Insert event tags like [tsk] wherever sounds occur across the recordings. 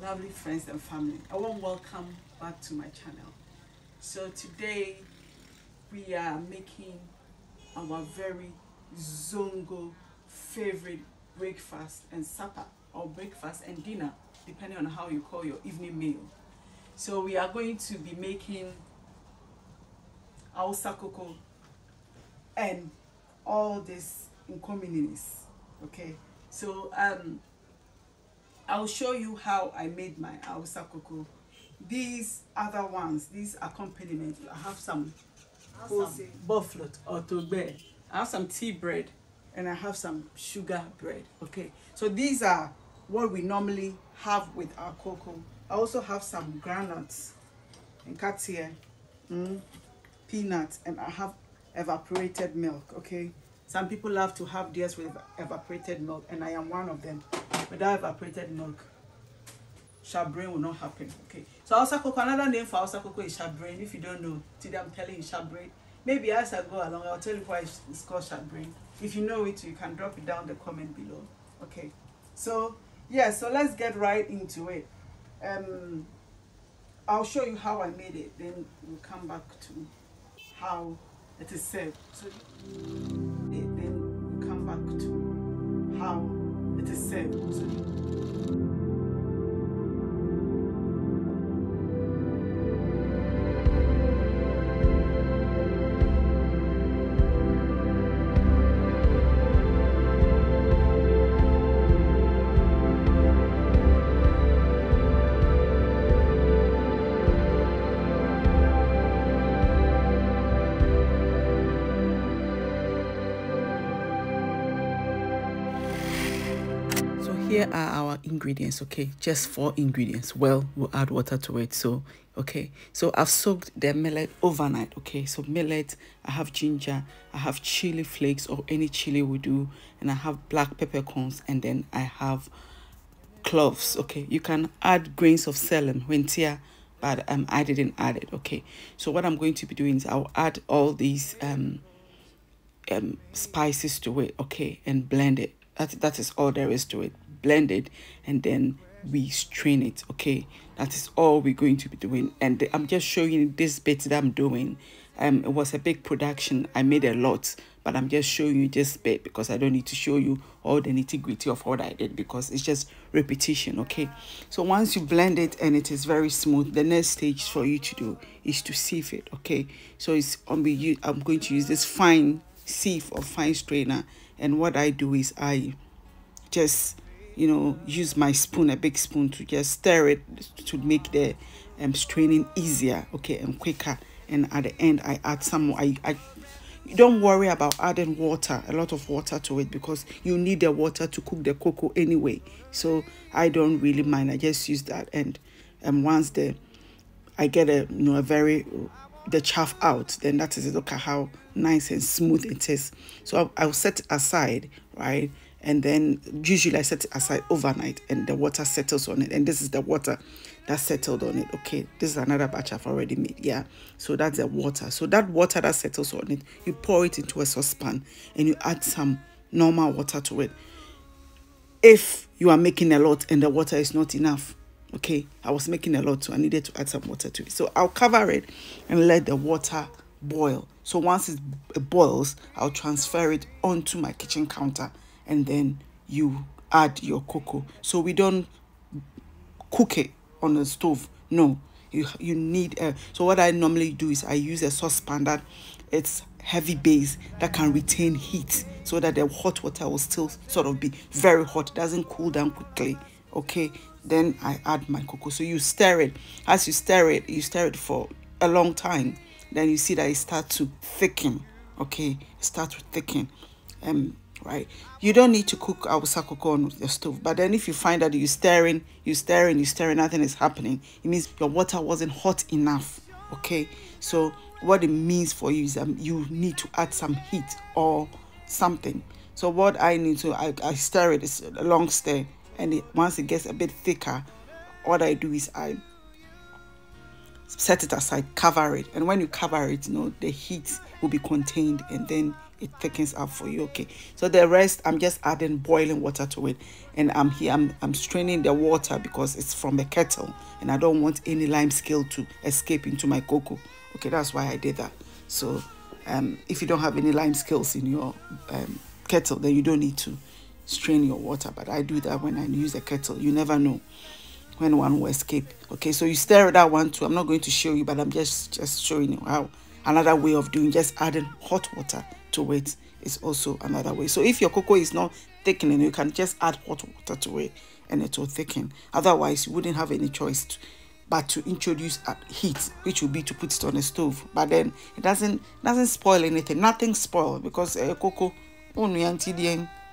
lovely friends and family. A warm welcome back to my channel. So today we are making our very Zongo favorite breakfast and supper or breakfast and dinner depending on how you call your evening meal. So we are going to be making Aosakoko and all this inconveniences. Okay, so um, I'll show you how I made my Awusa cocoa. These other ones, these accompaniments, I have some, some buffalo or togbe. I have some tea bread and I have some sugar bread. Okay, so these are what we normally have with our cocoa. I also have some granuts and cut here, mm, peanuts, and I have evaporated milk. Okay, some people love to have theirs with evaporated milk, and I am one of them. Without evaporated milk, shabrain will not happen. Okay. So also cocoa, another name for also cocoa is shabrain. If you don't know, today I'm telling you shabrain. Maybe as I go along, I'll tell you why it's called shabrain. If you know it, you can drop it down the comment below. Okay. So yeah, so let's get right into it. Um, I'll show you how I made it, then we'll come back to how it is said. So then we come back to how it is said. So here are our ingredients okay just four ingredients well we'll add water to it so okay so i've soaked the millet overnight okay so millet i have ginger i have chili flakes or any chili we do and i have black peppercorns and then i have cloves okay you can add grains of celery when tear but um, i didn't add it okay so what i'm going to be doing is i'll add all these um, um spices to it okay and blend it that that is all there is to it blend it and then we strain it okay that is all we're going to be doing and i'm just showing this bit that i'm doing um it was a big production i made a lot but i'm just showing you this bit because i don't need to show you all the nitty-gritty of what i did because it's just repetition okay so once you blend it and it is very smooth the next stage for you to do is to sieve it okay so it's on be i'm going to use this fine sieve or fine strainer and what i do is i just you know use my spoon a big spoon to just stir it to make the um, straining easier okay and quicker and at the end i add some i, I don't worry about adding water a lot of water to it because you need the water to cook the cocoa anyway so i don't really mind i just use that and and um, once the i get a you know a very the chaff out then that is it look at how nice and smooth it is so i'll, I'll set aside right and then usually I set it aside overnight and the water settles on it and this is the water that settled on it okay this is another batch I've already made yeah so that's the water so that water that settles on it you pour it into a saucepan and you add some normal water to it if you are making a lot and the water is not enough okay I was making a lot so I needed to add some water to it so I'll cover it and let the water boil so once it boils I'll transfer it onto my kitchen counter and then you add your cocoa. So we don't cook it on the stove. No, you you need a, so what I normally do is I use a saucepan that it's heavy base that can retain heat so that the hot water will still sort of be very hot, doesn't cool down quickly. Okay, then I add my cocoa. So you stir it. As you stir it, you stir it for a long time. Then you see that it starts to thicken. Okay, start to thicken. Um, right? You don't need to cook cocoa on your stove. But then if you find that you're stirring, you're stirring, you're stirring, nothing is happening, it means your water wasn't hot enough, okay? So what it means for you is that you need to add some heat or something. So what I need to, I, I stir it, it's a long stir. And it, once it gets a bit thicker, what I do is I set it aside, cover it. And when you cover it, you know, the heat will be contained and then it thickens up for you. Okay. So the rest, I'm just adding boiling water to it. And I'm here, I'm, I'm straining the water because it's from the kettle and I don't want any lime scale to escape into my cocoa. Okay, that's why I did that. So um, if you don't have any lime scales in your um, kettle, then you don't need to strain your water. But I do that when I use a kettle. You never know when one will escape. Okay, so you stare at that one too. I'm not going to show you, but I'm just, just showing you how another way of doing, just adding hot water to it is also another way. So if your cocoa is not thickening, you can just add hot water to it and it will thicken. Otherwise, you wouldn't have any choice to, but to introduce heat, which would be to put it on a stove. But then it doesn't doesn't spoil anything. Nothing spoil because uh, cocoa only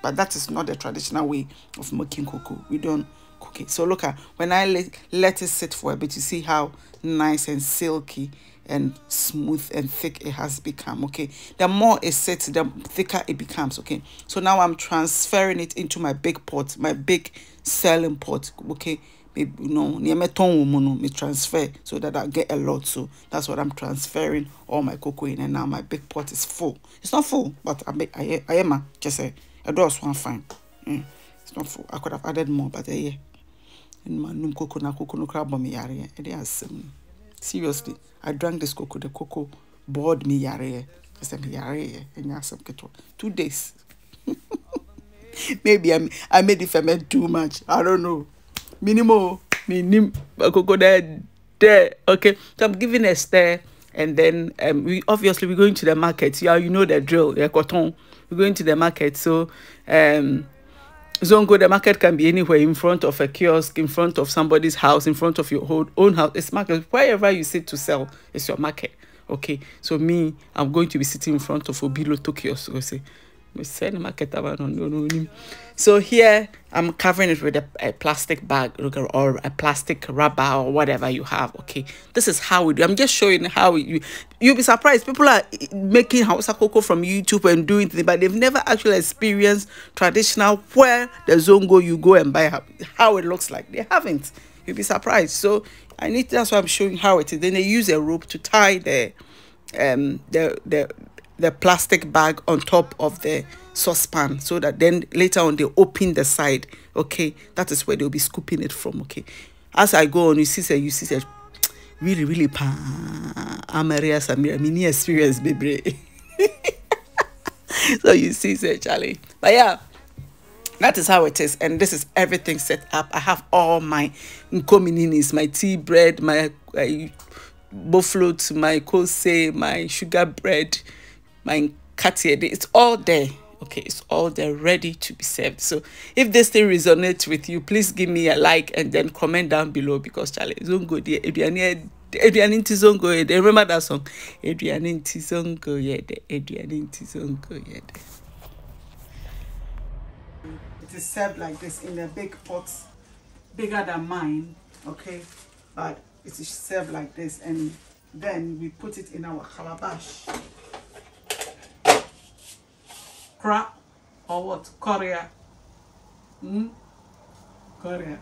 but that is not the traditional way of making cocoa. We don't cook it. So look at when I let, let it sit for a bit, you see how nice and silky and smooth and thick it has become okay the more it sits the thicker it becomes okay so now i'm transferring it into my big pot my big selling pot okay you know me transfer so that i get a lot so that's what i'm transferring all my cocoa in and now my big pot is full it's not full but i i, I am a, just a, I do one fine mm, it's not full i could have added more but uh, yeah ɛnum num koko na koko no koraa bɔ me yareɛ ɛde asɛm no seriously i drank this coco the coco bored me yareɛ ɛsɛ me yareɛ ɛnyɛ asɛm ketewa two days [laughs] maybe I'm, i made the ferment too much i don't know minimo minim coco there there okay so i'm giving a stare and then um, we obviously we're going to the market yeah you know the drill yeah cotton we're going to the market so um Zongo, the market can be anywhere in front of a kiosk, in front of somebody's house, in front of your own house. It's market. Wherever you sit to sell, it's your market. Okay. So me, I'm going to be sitting in front of Obilo Tokyo. So say, so here I'm covering it with a, a, plastic bag or a plastic rubber or whatever you have. Okay, this is how we do. I'm just showing how you you'll be surprised. People are making house cocoa from YouTube and doing things, but they've never actually experienced traditional where the zongo you go and buy how it looks like. They haven't. You'll be surprised. So I need that's why I'm showing how it is. Then they use a rope to tie the um the the the plastic bag on top of the saucepan so that then later on they open the side okay that is where they'll be scooping it from okay as i go on you see say you see say [tsk] really really pa amaria samira mini experience baby [laughs] so you see say charlie but yeah that is how it is and this is everything set up i have all my nkomininis my tea bread my uh, buffalo to my kose my sugar bread my Cartier, it's all there. Okay, it's all there ready to be served. So if this thing resonates with you, please give me a like and then comment down below because Charlie, don't go there. If you're near Adrian Remember that song? Adrian Tizongo Yede. Adrian Tizongo Yeah. It is served like this in a big pot, bigger than mine, okay? But it is served like this and then we put it in our calabash crap or what? Korea. Hmm? Korea.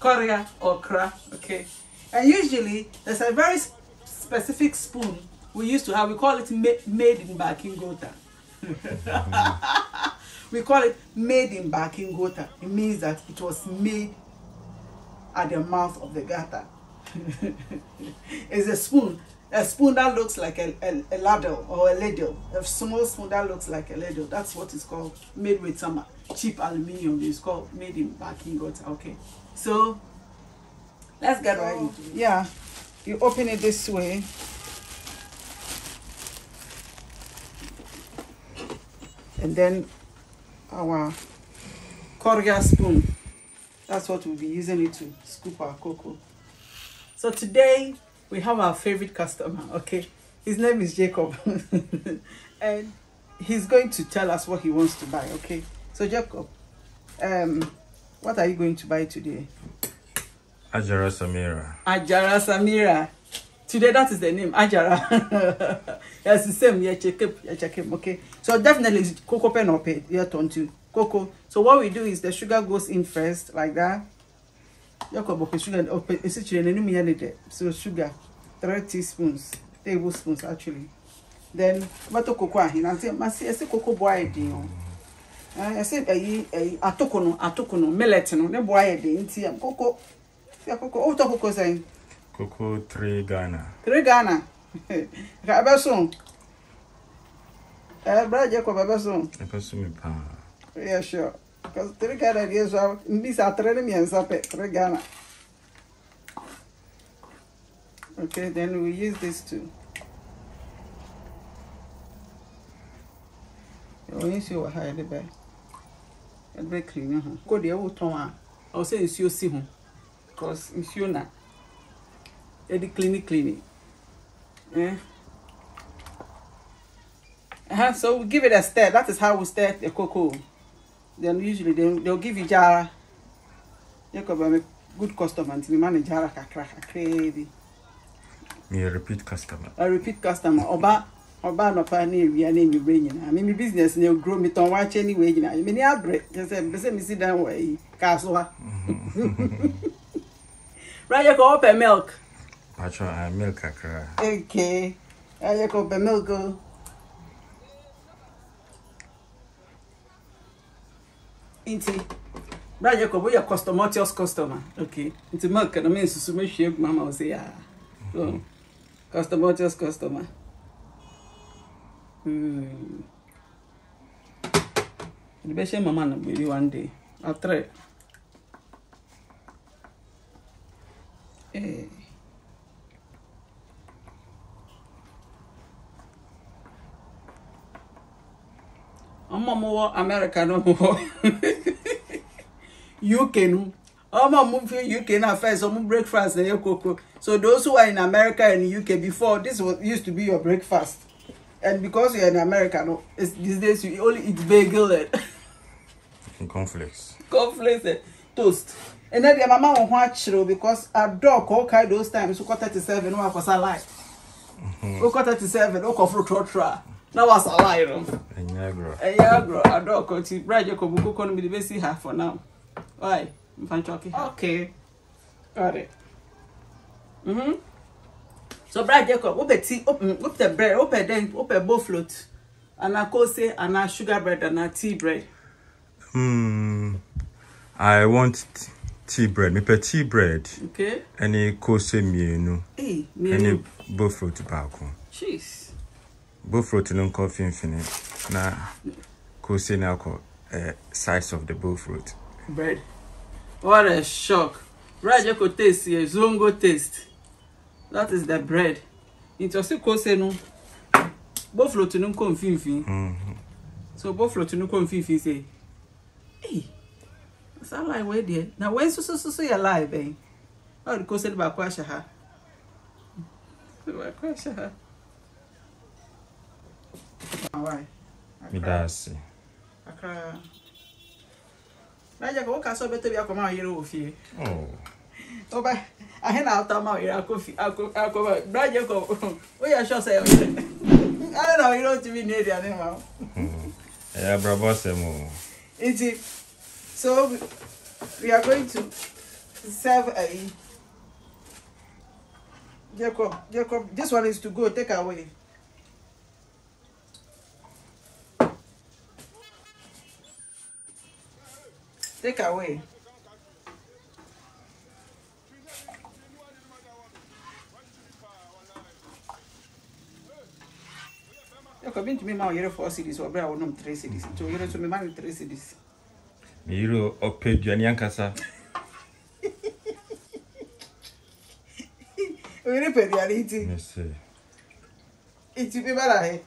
Korea or crap, okay? And usually there's a very specific spoon we used to have. We call it ma made in Gota. [laughs] we call it made in Gota. It means that it was made at the mouth of the gutter. [laughs] it's a spoon a spoon that looks like a, a, a, ladle or a ladle. A small spoon that looks like a ladle. That's what it's called. Made with some cheap aluminium. It's called made in baking got okay. So let's get so, ready. Yeah. You open it this way. And then our corrugator spoon. That's what we'll be using it to scoop our cocoa. So today we have our favorite customer, okay? His name is Jacob. [laughs] and he's going to tell us what he wants to buy, okay? So Jacob, um, what are you going to buy today? Ajara Samira. Ajara Samira. Today, that is the name, Ajara. That's [laughs] the same, yeah, check up, yeah, check up, okay? So definitely, cocoa Coco Pen or Pay, yeah, turn to Coco. So what we do is the sugar goes in first, like that. yɛkɔ bɔkɔ sugar ɛsi kyerɛ n'anim yɛ ne dɛ so sugar three teaspoons table actually then wobɛtɔ koko ahena nti masi ɛsi koko bɔ ayɛ den o ɛsi ɛyi ɛyi atoko no atoko no millet no ne bɔ ayɛ den nti koko fia koko o tɔ koko sɛn. koko three ghana. three ghana [laughs] ka ɛbɛ so ɛɛ bɛrɛ jɛ kɔ bɛ bɛ so. ɛbɛ so mi paa. yeah sure. Because three gara years out, misa three mienza pe three gana. Okay, then we use this too. When you see what high the bed, a bit creamy. Go the old tone. I'll say, Monsieur Sihon. Because Monsieur Na. Eddie Clinic Clinic. Eh? Uh -huh, so we give it a stir. That is how we stir the cocoa then usually they, they'll give you jara Jacob, i'm a good customer until you manage jara kakra kakra bi me a repeat customer a repeat customer ọba We are name you na I mean, my business na grow. mi tán wá kyẹ níwèé nyinaa èmi ní abere kyesẹ mbese say, si dan wọ way. kaaso ha rajẹ kọ open milk. I uh, milk kakra. okay rajẹ kọ open milk o. Oh. inti braje ko boya customer tios customer okay inti ma kana me susu me hwe mama o say ah so mm-hmm. customer tios customer hmm the best mama na be one day after eh ọmọ mu wọ Amẹ́ríkà náà mu wọ UK [laughs] nu ọmọ mu fi UK náà first ọmọ breakfast ẹ yẹ koko so those who are in America and UK before this was used to be your breakfast and because you are in America no these days you only eat bagel and. and cornflakes. cornflakes and toast. And then their mama won one chiro because a dog all kind those times. So thirty seven, no light. was alive. thirty-seven. 37, no coffee, trotro na wasala yi no ɛyɛ agorɔ adɔɔkɔ nti bra gye kɔbu kokɔ no mede bɛsi ha for now Why? ɔe mfantwɔke okay got it mm-hmm. mm -hmm. so bra jacob wopɛ ti wopɛ bread wopɛ dɛn wopɛ bowl float ana kose ana sugar bread ana tea bread mm, i want tea bread mepɛ tea bread okay. ɛne kose mmienu ɛne eh, bowl float baako cheese bofrot no nkɔ mfimfini na kose no akɔ uh, size of the bofrot bread what a shock bread yɛ taste yɛ zongo taste that is the bread nti ɔsi kose no bofrot no nkɔ mfimfini mm -hmm. so bofrot no nkɔ mfimfini sɛ hey saa line wei deɛ na wei nso so so yɛ line bɛn ɔde kose no baako ahyɛ ha baako ahyɛ ha midaase naja ko woka sɛ wobɛtɔ bi akɔma woyere wɔ fie woba ahe na atɔ ma woyere akɔma bragye kɔ woyɛ sɔ sɛ ane na woyere wotumi nni aduane ma wo ɛyɛ abrabɔ asɛm o nti so we are going to serve a Jacob, Jacob, this one is to go, take away. Take away. kɔbi ntumi ma ɔyere four cities ɔbɛrɛ a wɔnom three cities nti ɔyere nso mi ma ne three cities. ne yiri ɔpɛ aduane ankasa. ɔyere pɛ aduane nti. nti bi bɛ na he.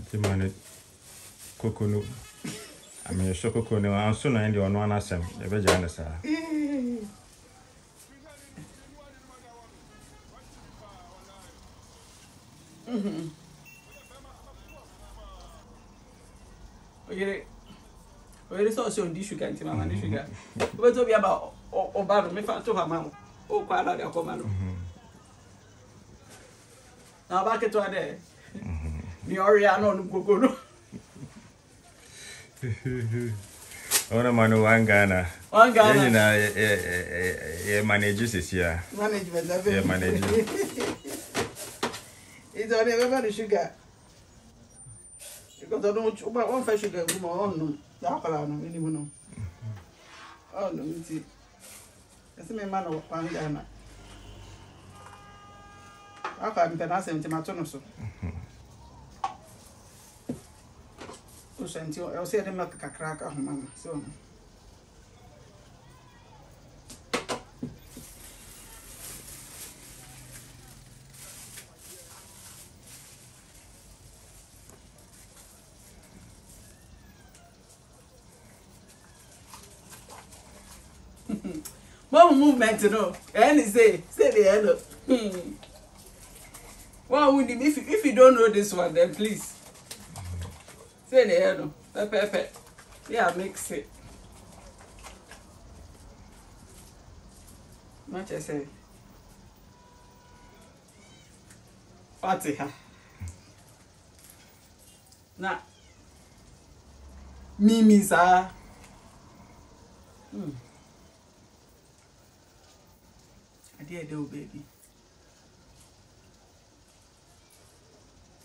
nti ma ne koko no ameyɛhyɛ koko ne wa na ɛdeɛ ɔno anasɛm yɛbɛgyaa ne saa [laughs] oyere oyere sɛ ɔsɛ ɔndi suga nti mama ne suga wobɛtɛ obi aba ɔba no mefa to hama wo wokɔ ala de akɔma no mhm. na ɔba ketewa dɛ [laughs] ne ɔrea na ɔnom koko no [laughs] Ona mano wangana. Wangana. Yenye na ye ye ye e, e, e, manage sisi ya. Management abe. Ye manage. Izo ne beba ni sugar. Iko todo mucho ba on fa sugar kuma on oh, no. Da kala no ni mo no. On no nti. Ese me mana wangana. Aka mi tena se nti matono so. so nti ɛwɔ sɛ yɛde milk kakra ka ho ma so one movement no ẹni say say the hello [laughs] hmm. one wound if if you don't know this one then please pepper na ɛyɛ no pɛpɛɛpɛ yɛ mix it na kyerɛ say? Party, huh? na mimi sir. hmm. I did wo baby.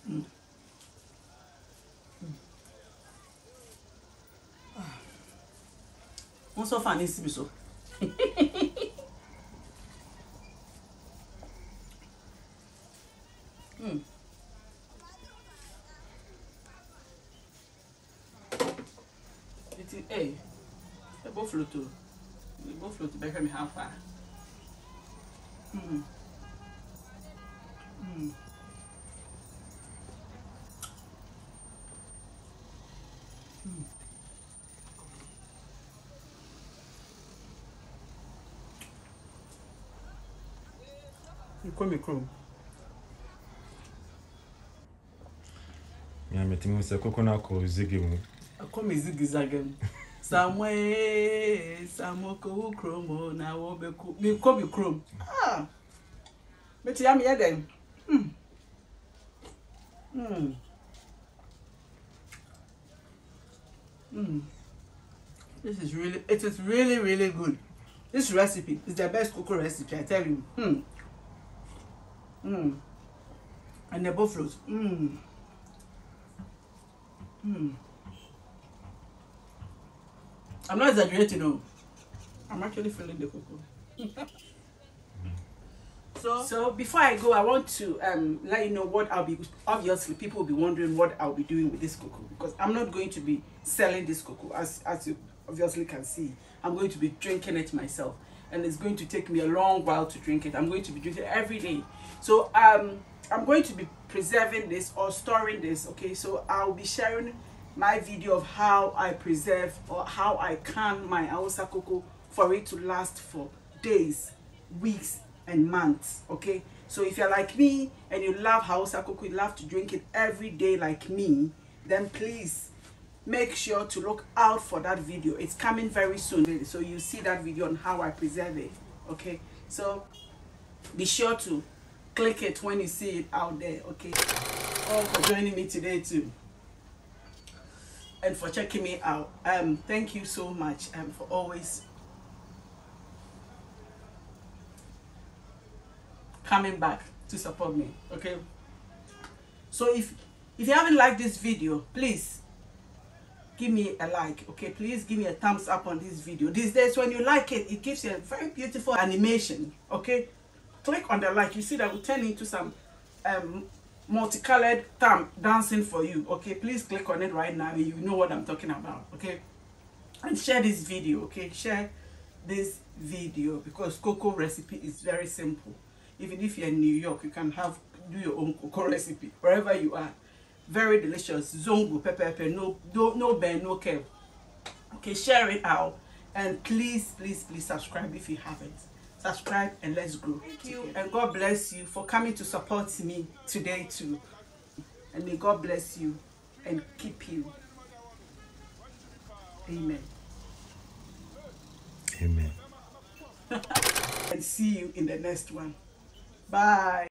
Mm. Wọ́n sọ fàní síbi so. Iti ei, flutu, floto, ebo flutu, bẹ̀rẹ̀ mi hàn fà. Mm. Mm. Kwame Nkrumah. Yeah, me timu se koko na ko zigi mu. Akome zigi zagem. Samwe samoko ukromo na wo beku. Me ko bi krom. Ah. Me ti am ye dem. Hmm. Hmm. Hmm. This is really it is really really good. This recipe is the best cocoa recipe I tell you. Hmm. Hmm. And they're both fruits. Hmm. Hmm. I'm not exaggerating, no. I'm actually feeling the cocoa. [laughs] so, so before I go, I want to um, let you know what I'll be. Obviously, people will be wondering what I'll be doing with this cocoa because I'm not going to be selling this cocoa, as as you obviously can see. I'm going to be drinking it myself and it's going to take me a long while to drink it. I'm going to be drinking every day. So um, I'm going to be preserving this or storing this, okay? So I'll be sharing my video of how I preserve or how I can my Aosa cocoa for it to last for days, weeks, and months, okay? So if you're like me and you love aosa cocoa, you love to drink it every day like me, then please make sure to look out for that video it's coming very soon so you see that video on how i preserve it okay so be sure to click it when you see it out there okay all for joining me today too and for checking me out um thank you so much and um, for always coming back to support me okay so if if you haven't liked this video please give me a like okay please give me a thumbs up on this video these days when you like it it gives you a very beautiful animation okay click on the like you see that will turn into some um multicolored thumb dancing for you okay please click on it right now and you know what i'm talking about okay and share this video okay share this video because cocoa recipe is very simple even if you're in new york you can have do your own cocoa recipe wherever you are very delicious zongo pepper pepper no no no bell no curve okay share it out and please please please subscribe if you haven't subscribe and let's grow thank you and god bless you for coming to support me today too and may god bless you and keep you amen amen [laughs] and see you in the next one bye